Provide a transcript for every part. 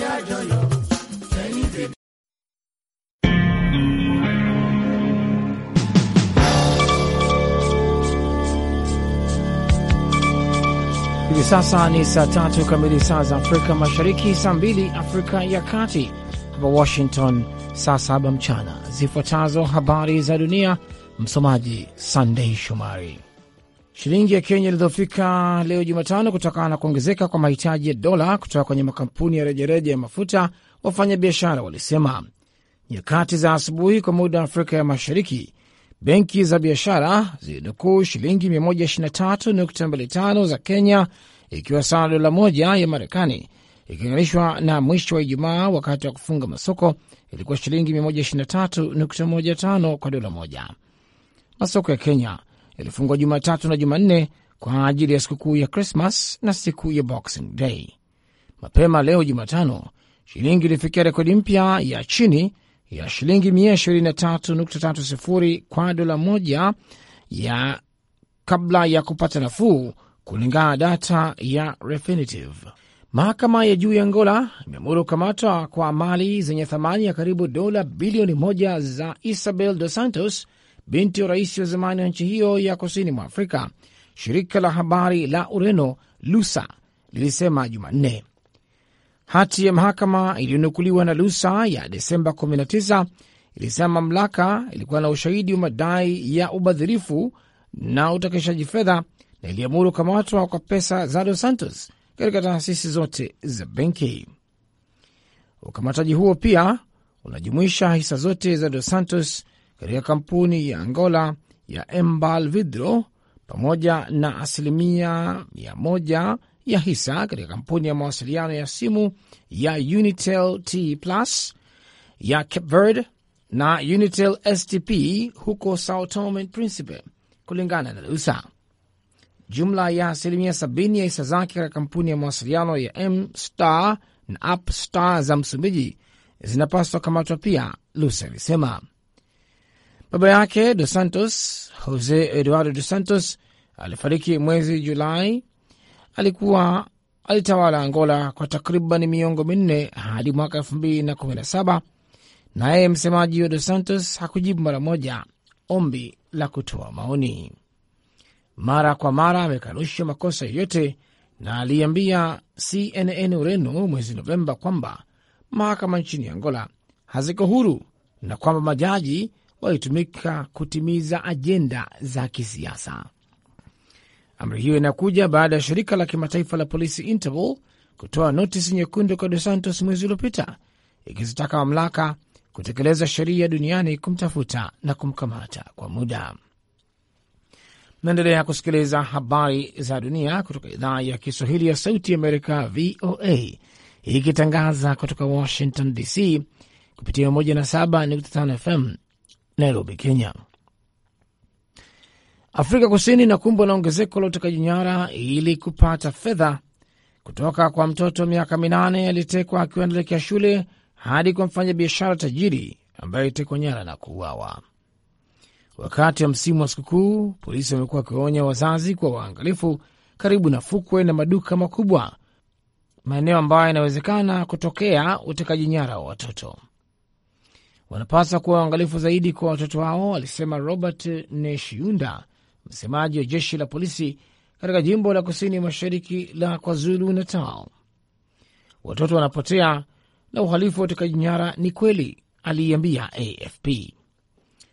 Hivi sasa ni saa tatu kamili, saa za Afrika Mashariki, saa mbili Afrika ya Kati. Hapa Washington saa saba mchana. Zifuatazo habari za dunia, msomaji Sandei Shomari. Shilingi ya Kenya ilidhofika leo Jumatano kutokana na kuongezeka kwa mahitaji ya dola kutoka kwenye makampuni ya rejareja ya mafuta, wafanyabiashara walisema. Nyakati za asubuhi kwa muda wa Afrika ya Mashariki, benki za biashara zilinukuu shilingi 123.25 za Kenya, ikiwa sawa na dola moja ya Marekani, ikilinganishwa na mwisho wa Ijumaa wakati wa kufunga masoko ilikuwa shilingi 123.15 kwa dola moja. Masoko ya Kenya ilifungwa Jumatatu na Jumanne kwa ajili ya sikukuu ya Krismas na siku ya Boxing Day. Mapema leo Jumatano, shilingi ilifikia rekodi mpya ya chini ya shilingi 123.30 kwa dola moja ya kabla ya kupata nafuu, kulingana na data ya Refinitiv. Mahakama ya juu ya Angola imeamuru kukamatwa kwa mali zenye thamani ya karibu dola bilioni moja za Isabel Dos Santos binti wa rais wa zamani wa nchi hiyo ya kusini mwa Afrika. Shirika la habari la Ureno Lusa lilisema Jumanne hati ya mahakama iliyonukuliwa na Lusa ya Desemba 19 ilisema mamlaka ilikuwa na ushahidi wa madai ya ubadhirifu na utakishaji fedha na iliamuru kamatwa kwa pesa za Dos Santos katika taasisi zote za benki. Ukamataji huo pia unajumuisha hisa zote za Dos Santos katika kampuni ya Angola ya Embal Vidro pamoja na asilimia mia moja ya hisa katika kampuni ya mawasiliano ya simu ya Unitel T Plus ya Cape Verde na Unitel STP huko Sao Tome Principe, kulingana na Lusa. Jumla ya asilimia sabini ya hisa zake katika kampuni ya mawasiliano ya M Star na App Star za Msumbiji zinapaswa kamatwa pia, Lusa ilisema. Baba yake Dos Santos, Jose Eduardo Dos Santos, alifariki mwezi Julai. Alikuwa alitawala Angola kwa takriban miongo minne hadi mwaka elfu mbili na kumi na saba. Naye msemaji wa Dos Santos hakujibu mara moja ombi la kutoa maoni. Mara kwa mara amekanusha makosa yoyote na aliambia CNN Ureno mwezi Novemba kwamba mahakama nchini Angola haziko huru na kwamba majaji walitumika kutimiza ajenda za kisiasa. Amri hiyo inakuja baada ya shirika la kimataifa la polisi Interpol kutoa notisi nyekundu kwa Dos Santos mwezi uliopita ikizitaka mamlaka kutekeleza sheria duniani kumtafuta na kumkamata kwa muda. Naendelea kusikiliza habari za dunia kutoka idhaa ya Kiswahili ya Sauti Amerika, VOA, ikitangaza kutoka Washington DC kupitia 107.5 FM Nairobi, Kenya. Afrika Kusini inakumbwa na ongezeko la utekaji nyara ili kupata fedha kutoka kwa mtoto miaka minane aliyetekwa akiwa anaelekea shule hadi kwa mfanyabiashara tajiri ambaye alitekwa nyara na kuuawa. Wakati wa msimu wa sikukuu, polisi wamekuwa wakionya wazazi kwa waangalifu karibu na fukwe na maduka makubwa, maeneo ambayo yanawezekana kutokea utekaji nyara wa watoto wanapaswa kuwa waangalifu zaidi kwa watoto wao, alisema Robert Neshiunda, msemaji wa jeshi la polisi katika jimbo la kusini mashariki la KwaZulu Natal. Watoto wanapotea na uhalifu wa utekaji nyara ni kweli, aliiambia AFP.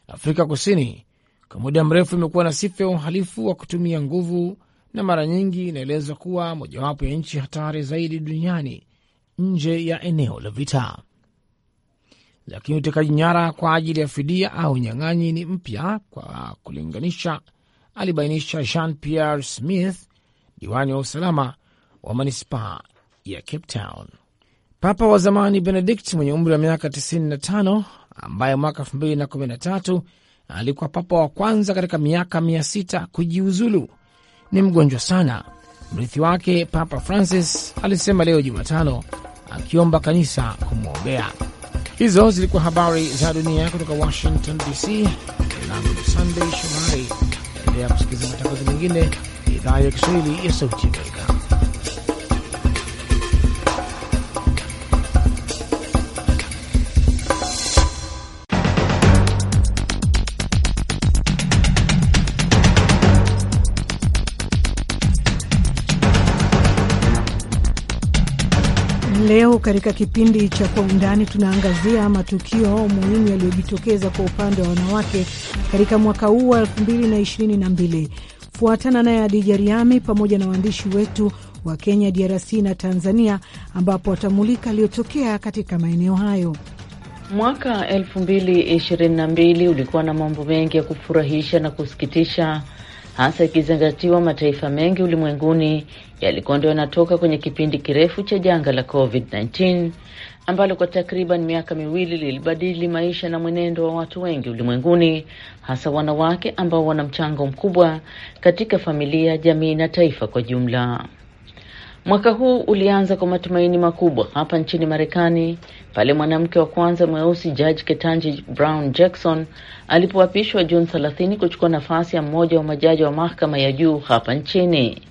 Afrika Kusini kwa muda mrefu imekuwa na sifa ya uhalifu wa kutumia nguvu na mara nyingi inaelezwa kuwa mojawapo ya nchi hatari zaidi duniani nje ya eneo la vita lakini utekaji nyara kwa ajili ya fidia au unyang'anyi ni mpya kwa kulinganisha, alibainisha Jean Pierre Smith, diwani wa usalama wa manispaa ya Cape Town. Papa wa zamani Benedict mwenye umri wa miaka 95 ambaye mwaka 2013 alikuwa papa wa kwanza katika miaka 600 kujiuzulu ni mgonjwa sana. Mrithi wake Papa Francis alisema leo Jumatano, akiomba kanisa kumwombea. Hizo zilikuwa habari za dunia kutoka Washington DC. Langu Sunday Shomari. Endelea kusikiliza matangazo mengine idhaa ya Kiswahili ya Sauti ya Amerika. Leo katika kipindi cha Kwa Undani tunaangazia matukio muhimu yaliyojitokeza kwa upande wa wanawake katika mwaka huu wa 222 Fuatana naye Adija Riami pamoja na waandishi wetu wa Kenya, DRC na Tanzania, ambapo watamulika aliyotokea katika maeneo hayo. Mwaka 2022 ulikuwa na mambo mengi ya kufurahisha na kusikitisha hasa ikizingatiwa mataifa mengi ulimwenguni yalikuwa ndio yanatoka kwenye kipindi kirefu cha janga la COVID-19 ambalo kwa takriban miaka miwili lilibadili maisha na mwenendo wa watu wengi ulimwenguni, hasa wanawake ambao wana mchango mkubwa katika familia, jamii na taifa kwa jumla. Mwaka huu ulianza kwa matumaini makubwa hapa nchini Marekani pale mwanamke wa kwanza mweusi Jaji Ketanji Brown Jackson alipoapishwa Juni 30 kuchukua nafasi ya mmoja wa majaji wa mahakama ya juu hapa nchini.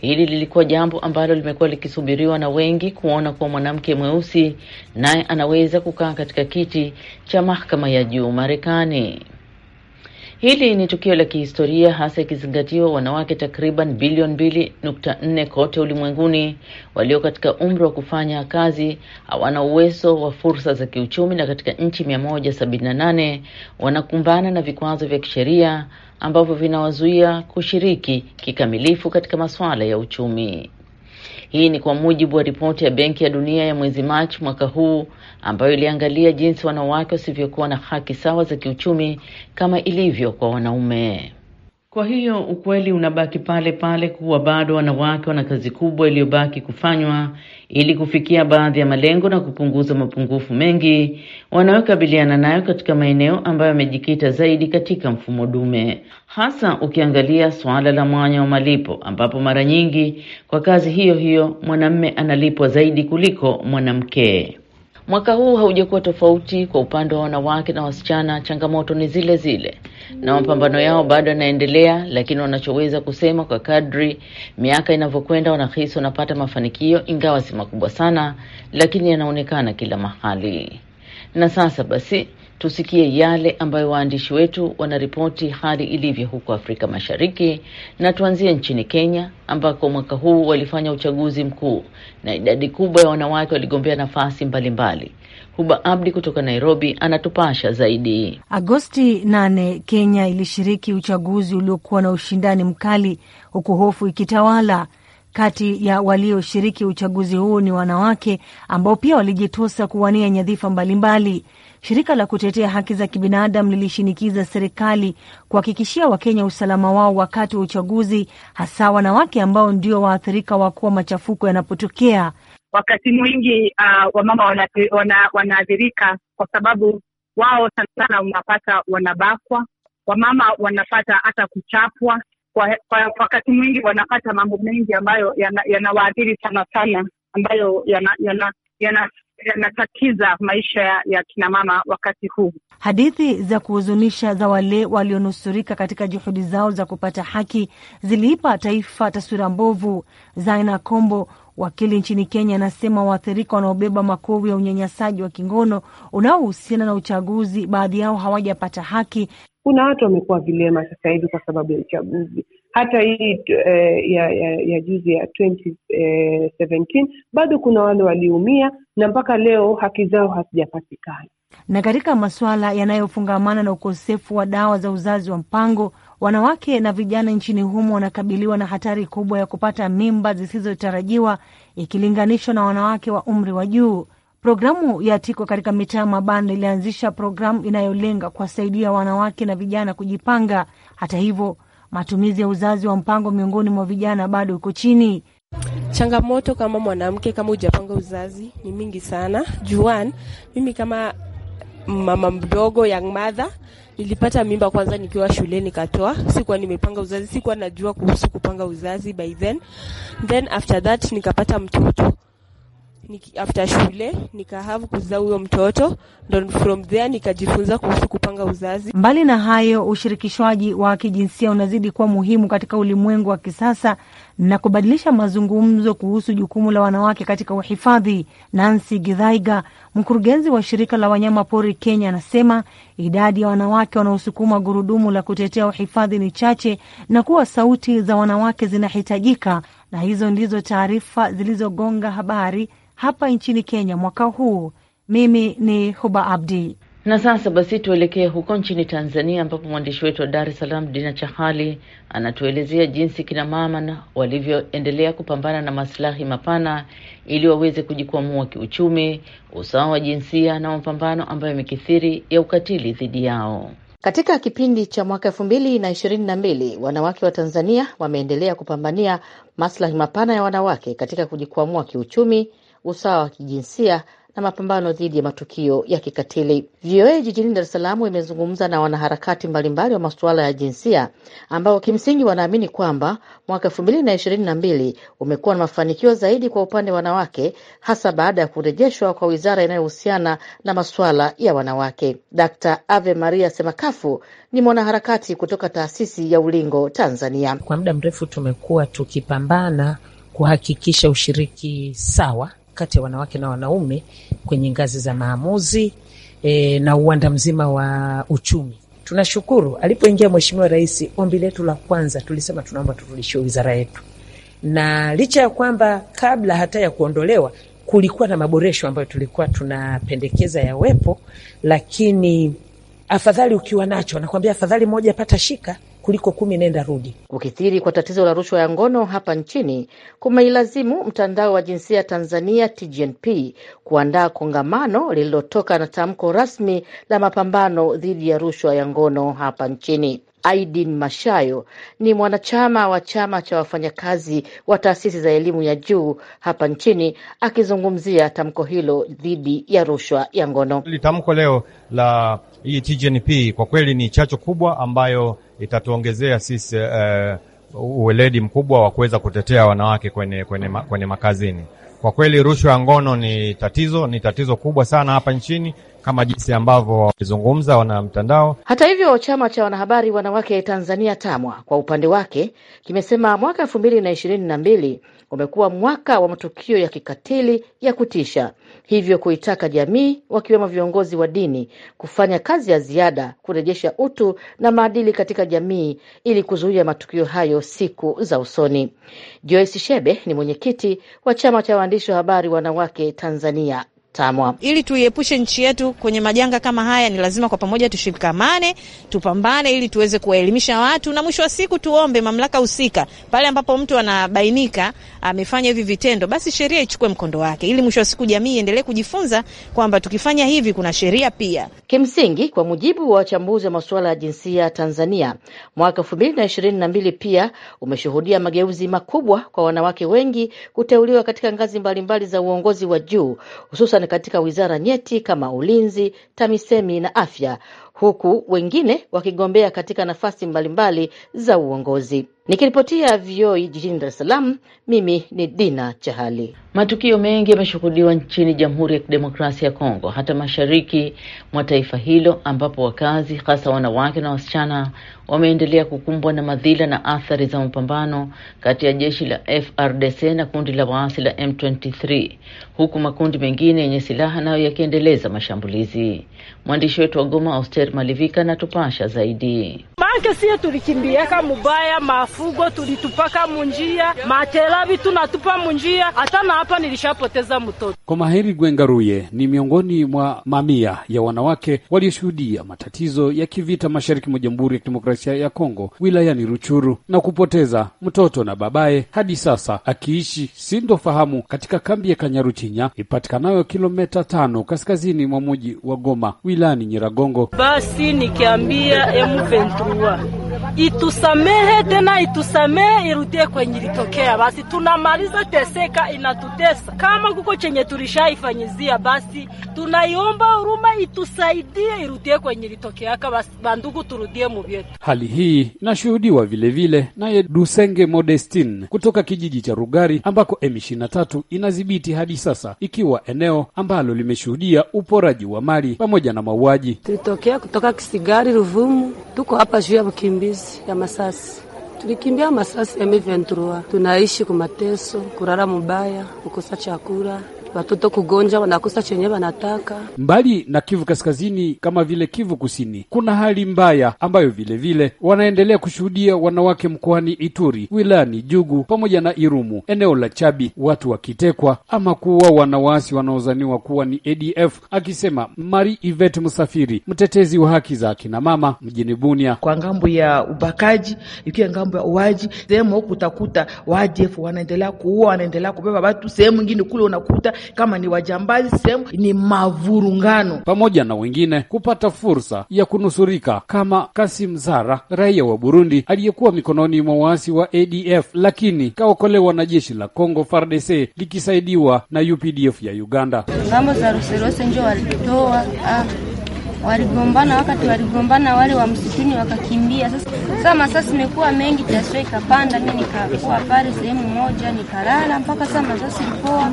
Hili lilikuwa jambo ambalo limekuwa likisubiriwa na wengi kuona kuwa mwanamke mweusi naye anaweza kukaa katika kiti cha mahakama ya juu Marekani. Hili ni tukio la kihistoria hasa ikizingatiwa wanawake takriban bilioni mbili nukta nne kote ulimwenguni walio katika umri wa kufanya kazi hawana uwezo wa fursa za kiuchumi, na katika nchi 178 wanakumbana na vikwazo vya kisheria ambavyo vinawazuia kushiriki kikamilifu katika masuala ya uchumi. Hii ni kwa mujibu wa ripoti ya Benki ya Dunia ya mwezi Machi mwaka huu ambayo iliangalia jinsi wanawake wasivyokuwa na haki sawa za kiuchumi kama ilivyo kwa wanaume. Kwa hiyo ukweli unabaki pale pale kuwa bado wanawake wana kazi kubwa iliyobaki kufanywa ili kufikia baadhi ya malengo na kupunguza mapungufu mengi wanayokabiliana nayo katika maeneo ambayo yamejikita zaidi katika mfumo dume, hasa ukiangalia suala la mwanya wa malipo, ambapo mara nyingi kwa kazi hiyo hiyo mwanamme analipwa zaidi kuliko mwanamke. Mwaka huu haujakuwa tofauti. Kwa upande wa wanawake na wasichana, changamoto ni zile zile na mapambano yao bado yanaendelea, lakini wanachoweza kusema kwa kadri miaka inavyokwenda, wanahisi wanapata mafanikio, ingawa si makubwa sana, lakini yanaonekana kila mahali. Na sasa basi tusikie yale ambayo waandishi wetu wanaripoti hali ilivyo huko Afrika Mashariki, na tuanzie nchini Kenya ambako mwaka huu walifanya uchaguzi mkuu na idadi kubwa ya wanawake waligombea nafasi mbalimbali. Huba Abdi kutoka Nairobi anatupasha zaidi. Agosti 8 Kenya ilishiriki uchaguzi uliokuwa na ushindani mkali, huku hofu ikitawala. Kati ya walioshiriki uchaguzi huu ni wanawake ambao pia walijitosa kuwania nyadhifa mbalimbali mbali. Shirika la kutetea haki za kibinadamu lilishinikiza serikali kuhakikishia Wakenya usalama wao wakati wa uchaguzi, hasa wanawake ambao ndio waathirika wakuwa machafuko yanapotokea. Wakati mwingi uh, wamama wanaathirika wana, wana kwa sababu wao sana sana unapata wanabakwa, wamama wanapata hata kuchapwa kwa, kwa wakati mwingi wanapata mambo mengi ambayo yanawaathiri yana sana sana ambayo yana, yana, yana yanatatiza maisha ya, ya kinamama wakati huu. Hadithi za kuhuzunisha za wale walionusurika katika juhudi zao za kupata haki ziliipa taifa taswira mbovu. Zaina Kombo, wakili nchini Kenya, anasema waathirika wanaobeba makovu ya unyanyasaji wa kingono unaohusiana na uchaguzi, baadhi yao hawajapata haki. Kuna watu wamekuwa vilema sasa hivi kwa sababu ya uchaguzi hata hii eh, ya, ya, ya juzi ya 2017 eh, bado kuna wale waliumia na mpaka leo haki zao hazijapatikana. Na katika masuala yanayofungamana na ukosefu wa dawa za uzazi wa mpango, wanawake na vijana nchini humo wanakabiliwa na hatari kubwa ya kupata mimba zisizotarajiwa ikilinganishwa na wanawake wa umri wa juu. Programu ya Tiko katika mitaa mabanda ilianzisha programu inayolenga kuwasaidia wanawake na vijana kujipanga. Hata hivyo matumizi ya uzazi wa mpango miongoni mwa vijana bado uko chini. Changamoto kama mwanamke kama hujapanga uzazi ni mingi sana. Juan, mimi kama mama mdogo young mother nilipata mimba kwanza nikiwa shule nikatoa. Sikuwa nimepanga uzazi, sikuwa najua kuhusu kupanga uzazi by then. Then after that nikapata mtoto Niki, after shule nikahavu kuzaa huyo mtoto ndo from there nikajifunza kuhusu kupanga uzazi. Mbali na hayo, ushirikishwaji wa kijinsia unazidi kuwa muhimu katika ulimwengu wa kisasa na kubadilisha mazungumzo kuhusu jukumu la wanawake katika uhifadhi. Nancy Githaiga, mkurugenzi wa shirika la wanyama pori Kenya, anasema idadi ya wanawake wanaosukuma gurudumu la kutetea uhifadhi ni chache na kuwa sauti za wanawake zinahitajika, na hizo ndizo taarifa zilizogonga habari hapa nchini Kenya mwaka huu. Mimi ni Huba Abdi. Na sasa basi tuelekee huko nchini Tanzania ambapo mwandishi wetu wa Dar es Salaam Dina Chahali anatuelezea jinsi kina mama walivyoendelea kupambana na maslahi mapana ili waweze kujikwamua kiuchumi, usawa wa jinsia na mapambano ambayo imekithiri ya ukatili dhidi yao. Katika kipindi cha mwaka elfu mbili na ishirini na mbili wanawake wa Tanzania wameendelea kupambania maslahi mapana ya wanawake katika kujikwamua kiuchumi usawa wa kijinsia na mapambano dhidi ya matukio ya kikatili. VOA jijini Dar es Salaam imezungumza na wanaharakati mbalimbali wa masuala ya jinsia ambao kimsingi wanaamini kwamba mwaka elfu mbili na ishirini na mbili umekuwa na mafanikio zaidi kwa upande wa wanawake, hasa baada ya kurejeshwa kwa wizara inayohusiana na masuala ya wanawake. Dkt Ave Maria Semakafu ni mwanaharakati kutoka taasisi ya Ulingo Tanzania. Kwa muda mrefu tumekuwa tukipambana kuhakikisha ushiriki sawa kati ya wanawake na wanaume kwenye ngazi za maamuzi e, na uwanda mzima wa uchumi. Tunashukuru alipoingia Mheshimiwa Rais, ombi letu la kwanza tulisema tunaomba turudishiwe wizara yetu, na licha ya kwamba kabla hata ya kuondolewa kulikuwa na maboresho ambayo tulikuwa tunapendekeza yawepo, lakini afadhali ukiwa nacho, nakwambia afadhali moja pata shika kuliko kumi nenda rudi. Kukithiri kwa tatizo la rushwa ya ngono hapa nchini kumeilazimu mtandao wa jinsia Tanzania TGNP kuandaa kongamano lililotoka na tamko rasmi la mapambano dhidi ya rushwa ya ngono hapa nchini. Aidin Mashayo ni mwanachama wa chama cha wafanyakazi wa taasisi za elimu ya juu hapa nchini, akizungumzia tamko hilo dhidi ya rushwa ya ngono. Tamko leo la hii TGNP kwa kweli ni chachu kubwa ambayo itatuongezea sisi uh, uweledi mkubwa wa kuweza kutetea wanawake kwenye, kwenye, kwenye makazini. Kwa kweli rushwa ya ngono ni tatizo, ni tatizo kubwa sana hapa nchini kama jinsi ambavyo wamezungumza wana mtandao. Hata hivyo, chama cha wanahabari wanawake Tanzania TAMWA kwa upande wake kimesema mwaka elfu mbili na ishirini na mbili umekuwa mwaka wa matukio ya kikatili ya kutisha, hivyo kuitaka jamii wakiwemo viongozi wa dini kufanya kazi ya ziada kurejesha utu na maadili katika jamii ili kuzuia matukio hayo siku za usoni. Joyce Shebe ni mwenyekiti wa chama cha waandishi wa habari wanawake Tanzania TAMWA. Ili tuiepushe nchi yetu kwenye majanga kama haya, ni lazima kwa pamoja tushikamane, tupambane ili tuweze kuwaelimisha watu, na mwisho wa siku tuombe mamlaka husika, pale ambapo mtu anabainika amefanya hivi vitendo, basi sheria ichukue mkondo wake, ili mwisho wa siku jamii iendelee kujifunza kwamba tukifanya hivi kuna sheria pia. Kimsingi, kwa mujibu wa wachambuzi wa masuala ya jinsia Tanzania, mwaka elfu mbili na ishirini na mbili pia umeshuhudia mageuzi makubwa kwa wanawake wengi kuteuliwa katika ngazi mbalimbali mbali za uongozi wa juu hususan katika wizara nyeti kama Ulinzi, Tamisemi na Afya huku wengine wakigombea katika nafasi mbalimbali za uongozi. Nikiripotia vioi e jijini Dar es Salaam, mimi ni Dina Chahali. Matukio mengi yameshuhudiwa nchini Jamhuri ya Kidemokrasia ya Kongo, hata mashariki mwa taifa hilo, ambapo wakazi hasa wanawake na wasichana wameendelea kukumbwa na madhila na athari za mapambano kati ya jeshi la FRDC na kundi la waasi la M23, huku makundi mengine yenye silaha nayo yakiendeleza mashambulizi. Mwandishi wetu wa Goma, Auster Oster Malivika anatupasha zaidi. Mabanke sie tulikimbiaka mubaya, mafugo tulitupaka munjia, matela vitu munjia, hata na hapa nilishapoteza mtoto. Kwa maheri Gwengaruye ni miongoni mwa mamia ya wanawake walioshuhudia matatizo ya kivita mashariki mwa Jamhuri ya Kidemokrasia ya Kongo wilayani Ruchuru na kupoteza mtoto na babaye hadi sasa akiishi sintofahamu katika kambi ya Kanyaruchinya ipatikanayo kilomita tano kaskazini mwa mji wa Goma wilayani Nyiragongo. Basi nikiambia M23 哇。itusamehe tena itusamehe, irudie kwenye ilitokea. Basi tunamaliza teseka, inatutesa kama kuko chenye tulishaifanyizia, basi tunaiomba huruma itusaidie, irudie kwenye ilitokeaka. Basi bandugu, turudie muvyetu. Hali hii inashuhudiwa vilevile naye Dusenge Modestin kutoka kijiji cha Rugari ambako M23 inadhibiti hadi sasa, ikiwa eneo ambalo limeshuhudia uporaji wa mali pamoja na mauaji. Tulitokea kutoka Kisigari Ruvumu, tuko hapa juu ya mkimbizi masasi ya masasi tulikimbia masasi ya M23, tunaishi kumateso, kurara mubaya, kukosa chakula watoto kugonja, wanakosa chenye wanataka. Mbali na Kivu Kaskazini, kama vile Kivu Kusini, kuna hali mbaya ambayo vilevile vile wanaendelea kushuhudia wanawake mkoani Ituri, wilani Jugu pamoja na Irumu, eneo la Chabi, watu wakitekwa ama kuwa wanawasi wanaozaniwa kuwa ni ADF, akisema Mari Ivet Msafiri, mtetezi wa haki za akina mama mjini Bunia. Kwa ngambo ya ubakaji, ikiwa ngambo ya uwaji, sehemu huku utakuta wa ADF wanaendelea kuua, wanaendelea kubeba watu, sehemu nyingine kule unakuta kama ni wajambazi, sehemu ni mavurungano, pamoja na wengine kupata fursa ya kunusurika kama Kasim Zara, raia wa Burundi aliyekuwa mikononi mwa waasi wa ADF, lakini kaokolewa na jeshi la Kongo FARDC likisaidiwa na UPDF ya Uganda. Ngambo za walitoa ah waligombana, wakati waligombana wale wa msituni wakakimbia. Sasa sasa masasi imekuwa mengi, tasio ikapanda, mi nikakuwa pale sehemu moja nikalala mpaka sasa masasi ilipoa,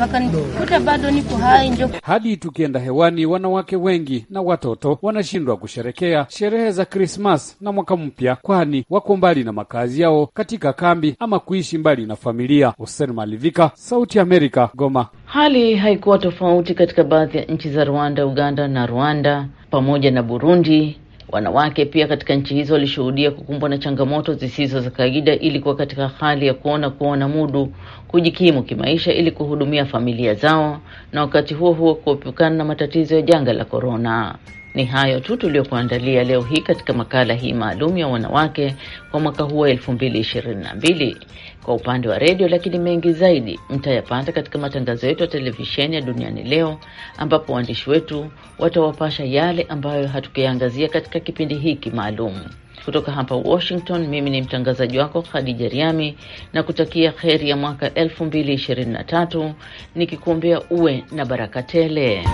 wakanikuta bado niko hai. Njo hadi tukienda hewani, wanawake wengi na watoto wanashindwa kusherekea sherehe za Krismas na mwaka mpya, kwani wako mbali na makazi yao katika kambi ama kuishi mbali na familia. Hussein Malivika, Sauti ya Amerika, Goma. Hali haikuwa tofauti katika baadhi ya nchi za Rwanda, Uganda na Rwanda Uganda pamoja na Burundi. Wanawake pia katika nchi hizo walishuhudia kukumbwa na changamoto zisizo za kawaida ili kuwa katika hali ya kuona kuona mudu kujikimu kimaisha ili kuhudumia familia zao na wakati huo huo kuepukana na matatizo ya janga la korona. Ni hayo tu tuliyokuandalia leo hii katika makala hii maalum ya wanawake kwa mwaka huu wa 2022 kwa upande wa redio, lakini mengi zaidi mtayapata katika matangazo yetu ya televisheni ya Duniani Leo, ambapo waandishi wetu watawapasha yale ambayo hatukuyaangazia katika kipindi hiki maalum. Kutoka hapa Washington, mimi ni mtangazaji wako Khadija Riami na kutakia kheri ya mwaka 2023 nikikuombea uwe na baraka tele.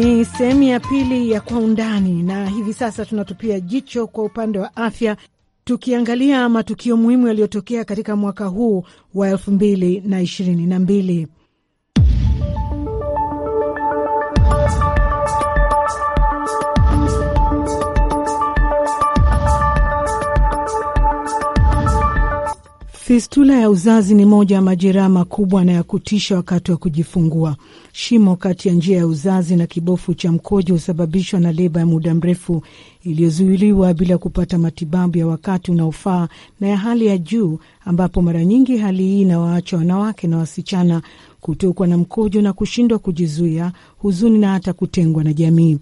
Ni sehemu ya pili ya Kwa Undani, na hivi sasa tunatupia jicho kwa upande wa afya, tukiangalia matukio muhimu yaliyotokea katika mwaka huu wa elfu mbili na ishirini na mbili. Fistula ya uzazi ni moja ya majeraha makubwa na ya kutisha wakati wa kujifungua. Shimo kati ya njia ya uzazi na kibofu cha mkojo husababishwa na leba ya muda mrefu iliyozuiliwa bila kupata matibabu ya wakati unaofaa na ya hali ya juu, ambapo mara nyingi hali hii inawaacha wanawake na wasichana kutokwa na mkojo na kushindwa kujizuia, huzuni na hata kutengwa na jamii.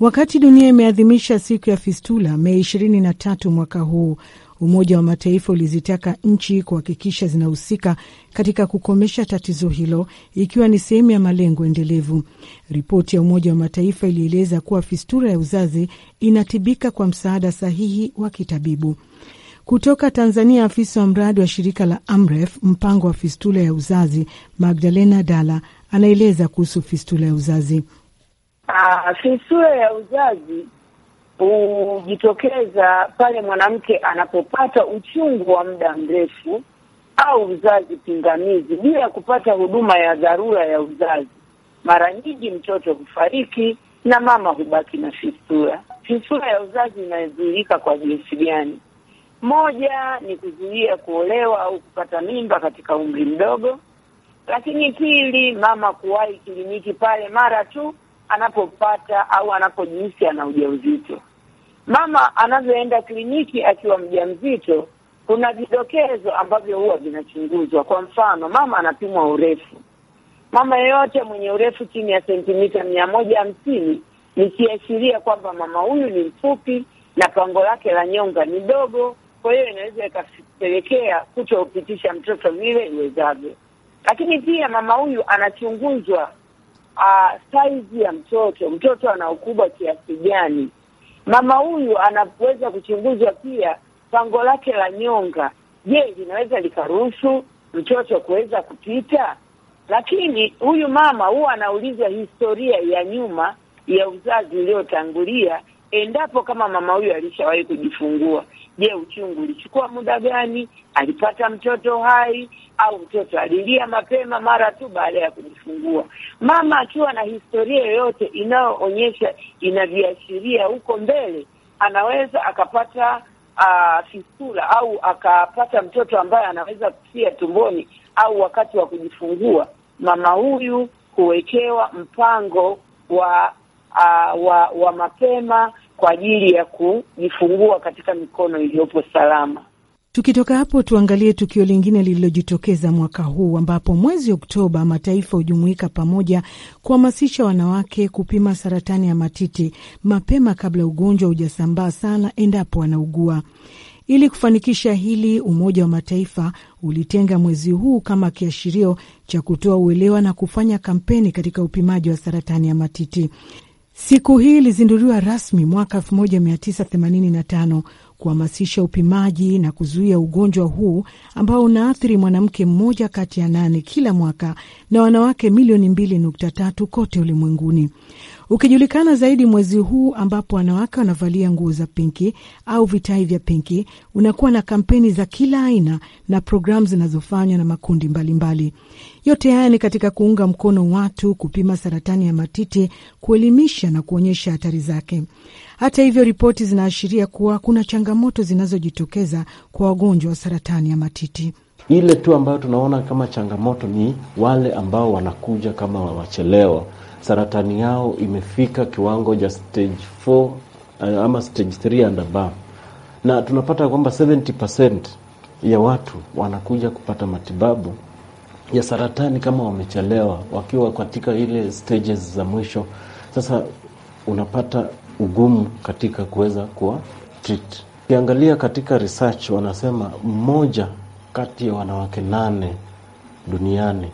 Wakati dunia imeadhimisha siku ya fistula Mei 23 mwaka huu Umoja wa Mataifa ulizitaka nchi kuhakikisha zinahusika katika kukomesha tatizo hilo ikiwa ni sehemu ya malengo endelevu. Ripoti ya Umoja wa Mataifa ilieleza kuwa fistula ya uzazi inatibika kwa msaada sahihi wa kitabibu. Kutoka Tanzania, afisa wa mradi wa shirika la AMREF mpango wa fistula ya uzazi, Magdalena Dala anaeleza kuhusu fistula ya uzazi. Ah, fistula ya uzazi hujitokeza pale mwanamke anapopata uchungu wa muda mrefu au uzazi pingamizi bila ya kupata huduma ya dharura ya uzazi. Mara nyingi mtoto hufariki na mama hubaki na fisura. Fisura ya uzazi inazuilika kwa jinsi gani? Moja ni kuzuia kuolewa au kupata mimba katika umri mdogo, lakini pili, mama kuwahi kliniki pale mara tu anapopata au anapojihisi ana ujauzito. Mama anavyoenda kliniki akiwa mjamzito, kuna vidokezo ambavyo huwa vinachunguzwa. Kwa mfano, mama anapimwa urefu. Mama yeyote mwenye urefu chini ya sentimita mia moja hamsini ni kiashiria kwamba mama huyu ni mfupi na pango lake la nyonga ni dogo, kwa hiyo inaweza ikapelekea kuto upitisha mtoto vile iwezavyo. Lakini pia mama huyu anachunguzwa uh, ah, saizi ya mtoto, mtoto ana ukubwa kiasi gani. Mama huyu anaweza kuchunguzwa pia pango lake la nyonga, je, linaweza likaruhusu mtoto kuweza kupita? Lakini huyu mama huwa anaulizwa historia ya nyuma ya uzazi uliotangulia endapo kama mama huyu alishawahi kujifungua. Je, uchungu ulichukua muda gani? Alipata mtoto hai au mtoto alilia mapema mara tu baada ya kujifungua? Mama akiwa na historia yoyote inayoonyesha inaviashiria huko mbele, anaweza akapata uh, fistula au akapata mtoto ambaye anaweza kufia tumboni au wakati wa kujifungua. Mama huyu huwekewa mpango wa uh, wa, wa mapema kwa ajili ya kujifungua katika mikono iliyopo salama. Tukitoka hapo tuangalie tukio lingine lililojitokeza mwaka huu ambapo mwezi Oktoba mataifa hujumuika pamoja kuhamasisha wanawake kupima saratani ya matiti mapema kabla ugonjwa hujasambaa sana endapo wanaugua. Ili kufanikisha hili, Umoja wa Mataifa ulitenga mwezi huu kama kiashirio cha kutoa uelewa na kufanya kampeni katika upimaji wa saratani ya matiti. Siku hii ilizinduliwa rasmi mwaka 1985 kuhamasisha upimaji na kuzuia ugonjwa huu ambao unaathiri mwanamke mmoja kati ya nane kila mwaka na wanawake milioni 2.3 kote ulimwenguni ukijulikana zaidi mwezi huu ambapo wanawake wanavalia nguo za pinki au vitai vya pinki. Unakuwa na kampeni za kila aina na programu zinazofanywa na makundi mbalimbali mbali. Yote haya ni katika kuunga mkono watu kupima saratani ya matiti, kuelimisha na kuonyesha hatari zake. Hata hivyo, ripoti zinaashiria kuwa kuna changamoto zinazojitokeza kwa wagonjwa wa saratani ya matiti. Ile tu ambayo tunaona kama changamoto ni wale ambao wanakuja kama wawachelewa saratani yao imefika kiwango cha stage 4 eh, ama stage 3 and above, na tunapata kwamba 70% ya watu wanakuja kupata matibabu ya saratani kama wamechelewa, wakiwa katika ile stages za mwisho. Sasa unapata ugumu katika kuweza kuwa treat. Ukiangalia katika research, wanasema mmoja kati ya wanawake nane duniani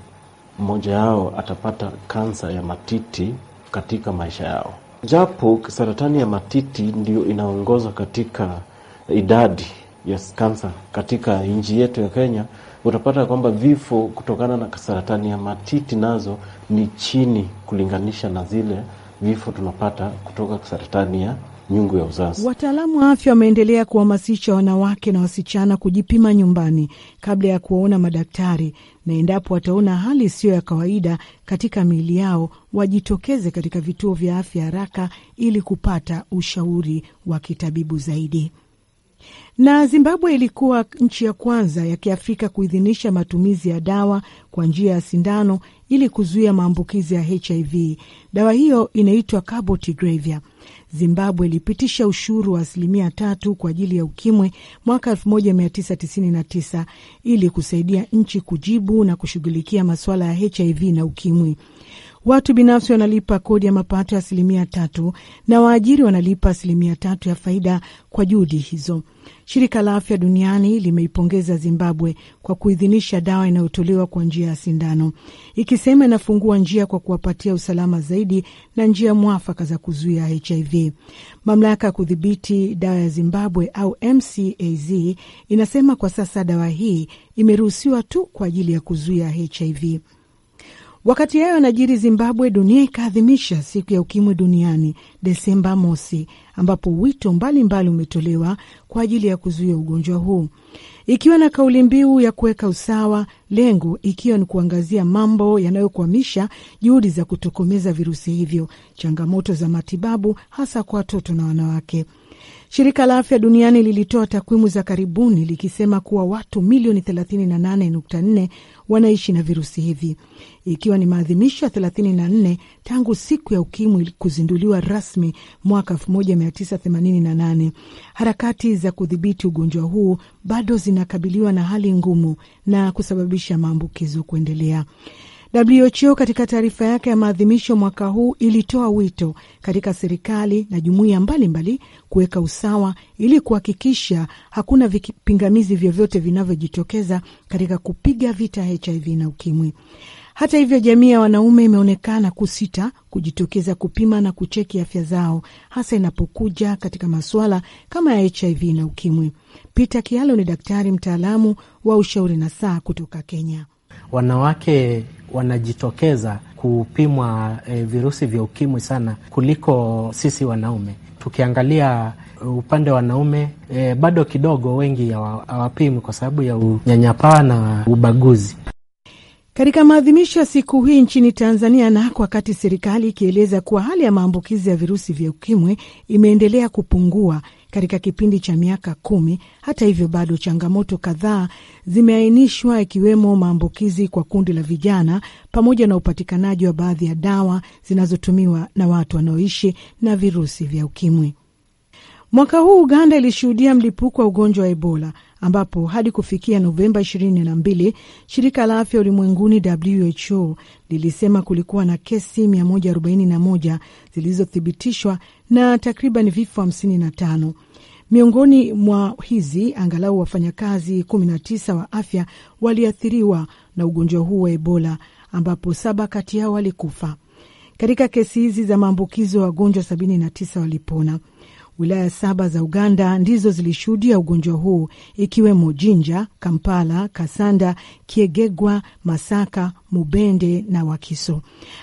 mmoja yao atapata kansa ya matiti katika maisha yao, japo saratani ya matiti ndio inaongoza katika idadi ya yes, kansa katika nchi yetu ya Kenya. Utapata kwamba vifo kutokana na saratani ya matiti nazo ni chini kulinganisha na zile vifo tunapata kutoka saratani ya nyungu ya uzazi. Wataalamu wa afya wameendelea kuhamasisha wanawake na wasichana kujipima nyumbani kabla ya kuwaona madaktari, na endapo wataona hali isiyo ya kawaida katika miili yao wajitokeze katika vituo vya afya haraka ili kupata ushauri wa kitabibu zaidi na Zimbabwe ilikuwa nchi ya kwanza ya Kiafrika kuidhinisha matumizi ya dawa kwa njia ya sindano ili kuzuia maambukizi ya HIV. Dawa hiyo inaitwa cabotegravir. Zimbabwe ilipitisha ushuru wa asilimia tatu kwa ajili ya ukimwe mwaka 1999 ili kusaidia nchi kujibu na kushughulikia masuala ya HIV na ukimwi. Watu binafsi wanalipa kodi ya mapato ya asilimia tatu na waajiri wanalipa asilimia tatu ya faida kwa juhudi hizo. Shirika la Afya Duniani limeipongeza Zimbabwe kwa kuidhinisha dawa inayotolewa kwa njia ya sindano, ikisema inafungua njia kwa kuwapatia usalama zaidi na njia mwafaka za kuzuia HIV. Mamlaka ya kudhibiti dawa ya Zimbabwe au MCAZ inasema kwa sasa dawa hii imeruhusiwa tu kwa ajili ya kuzuia HIV. Wakati hayo anajiri Zimbabwe, dunia ikaadhimisha siku ya ukimwi duniani Desemba mosi, ambapo wito mbalimbali umetolewa kwa ajili ya kuzuia ugonjwa huu, ikiwa na kauli mbiu ya kuweka usawa, lengo ikiwa ni kuangazia mambo yanayokwamisha juhudi za kutokomeza virusi hivyo, changamoto za matibabu hasa kwa watoto na wanawake Shirika la Afya Duniani lilitoa takwimu za karibuni likisema kuwa watu milioni 38.4 wanaishi na virusi hivi, ikiwa ni maadhimisho ya 34 tangu siku ya Ukimwi kuzinduliwa rasmi mwaka 1988. Harakati za kudhibiti ugonjwa huu bado zinakabiliwa na hali ngumu na kusababisha maambukizo kuendelea. WHO katika taarifa yake ya maadhimisho mwaka huu ilitoa wito katika serikali na jumuiya mbalimbali kuweka usawa ili kuhakikisha hakuna vipingamizi vyovyote vinavyojitokeza katika kupiga vita HIV na ukimwi. Hata hivyo, jamii ya wanaume imeonekana kusita kujitokeza kupima na kucheki afya zao, hasa inapokuja katika masuala kama ya HIV na ukimwi. Peter Kialo ni daktari mtaalamu wa ushauri na saa kutoka Kenya wanawake wanajitokeza kupimwa e, virusi vya ukimwi sana kuliko sisi wanaume. Tukiangalia eh, upande wa wanaume e, bado kidogo wengi hawapimwi kwa sababu ya unyanyapaa na ubaguzi. Katika maadhimisho ya siku hii nchini Tanzania na wakati serikali ikieleza kuwa hali ya maambukizi ya virusi vya ukimwi imeendelea kupungua katika kipindi cha miaka kumi. Hata hivyo, bado changamoto kadhaa zimeainishwa, ikiwemo maambukizi kwa kundi la vijana pamoja na upatikanaji wa baadhi ya dawa zinazotumiwa na watu wanaoishi na virusi vya ukimwi. Mwaka huu Uganda ilishuhudia mlipuko wa ugonjwa wa Ebola ambapo hadi kufikia Novemba 22 shirika la afya ulimwenguni WHO lilisema kulikuwa na kesi 141 zilizothibitishwa na takriban vifo 55. Miongoni mwa hizi angalau wafanyakazi 19 wa afya waliathiriwa na ugonjwa huu wa Ebola, ambapo saba kati yao walikufa. Katika kesi hizi za maambukizo wagonjwa 79 walipona. Wilaya saba za Uganda ndizo zilishuhudia ugonjwa huu ikiwemo Jinja, Kampala, Kasanda, Kiegegwa, Masaka, Mubende na Wakiso.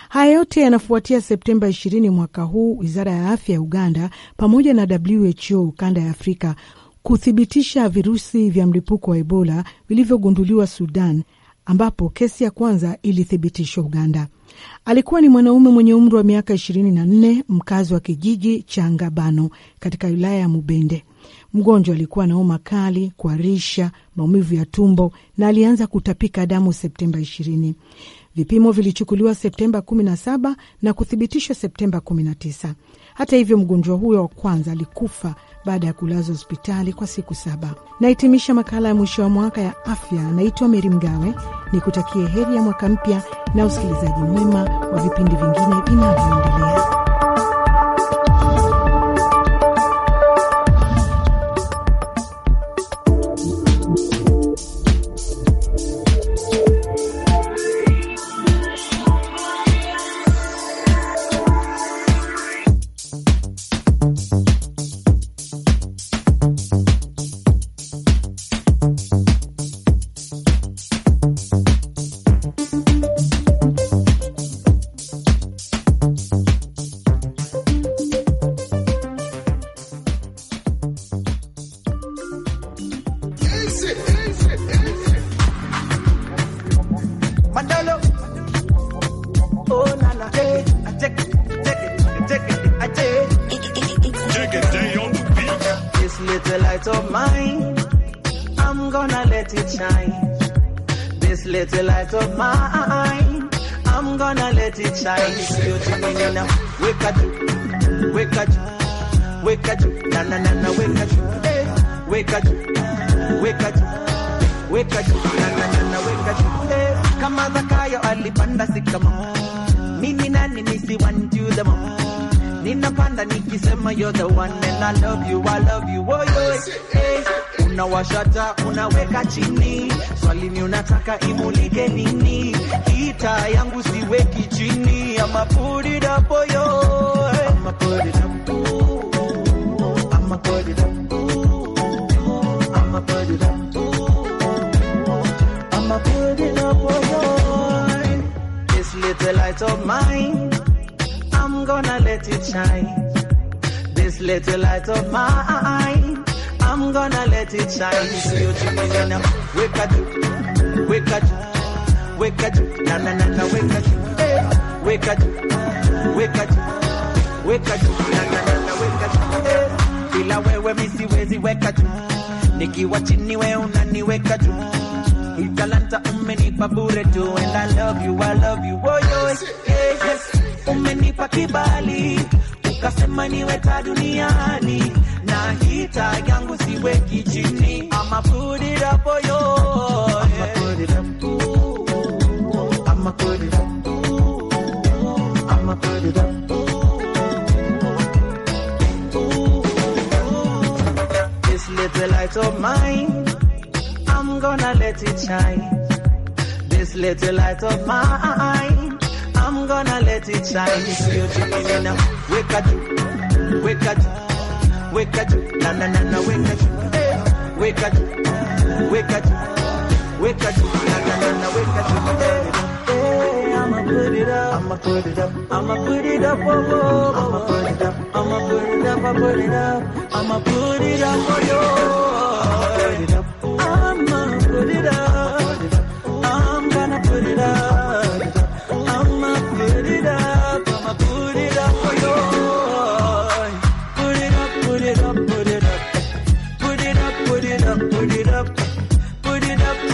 Haya yote yanafuatia Septemba 20 mwaka huu wizara ya afya ya Uganda pamoja na WHO kanda ya Afrika kuthibitisha virusi vya mlipuko wa Ebola vilivyogunduliwa Sudan ambapo kesi ya kwanza ilithibitishwa Uganda. Alikuwa ni mwanaume mwenye umri wa miaka ishirini na nne, mkazi wa kijiji cha Ngabano katika wilaya ya Mubende. Mgonjwa alikuwa na homa kali, kuharisha, maumivu ya tumbo na alianza kutapika damu Septemba ishirini. Vipimo vilichukuliwa Septemba 17 na kuthibitishwa Septemba 19. Hata hivyo, mgonjwa huyo wa kwanza alikufa baada ya kulazwa hospitali kwa siku saba. Nahitimisha makala ya mwisho wa mwaka ya afya. Naitwa Meri Mgawe, ni kutakie heri ya mwaka mpya na usikilizaji mwema wa vipindi vingine vinavyoendelea. easy, easy, easy. Mandalo. take oh, it, take it, take it, take it. Take it, on the beat. This little light of mine, I'm gonna let it shine. This little light of mine, I'm gonna let it shine. Beauty, now, wake up, wake up, wake up, na na na na, wake up, hey, wake up. weka juu, weka juu, nananana, weka juu kama Zakayo alipanda sikama. Mimi nani nisiwan you the mama ninapanda nikisema you're the one and I love you, I love you, oh hey. Unawashata, unaweka chini swali ni unataka imulike nini? Kita yangu siweki chini ama put it up, oh yo Let the light of my eye, I'm gonna let it shine. So you dreaming in a wake up, wake up, wake up, na na na na wake up, hey. wake up, wake up, wake up, na na na na wake up, hey. Bila wewe mimi siwezi weka tu, nikiwa chini unani unaniweka tu. Hii talanta umenipa bure tu, and I love you, I love you, oh yo, yes, yes, umenipa kibali kasema niweka duniani na hita yangu siweki chini ama put it up oh put it up put it up put it up ooh this little light of mine I'm gonna let it shine this little light of mine I'm gonna let it shine. It's beauty in Wake up, wake up, wake up, na na na na, wake up, hey. wake up, wake up, wake up, na na na na, wake up, hey. hey. I'ma put it up, I'ma put it up, I'ma put it up, oh, oh, oh. I'ma put it up, I'ma put it up, I'ma put it up, for oh, you. Oh, put it up, I'ma put it up.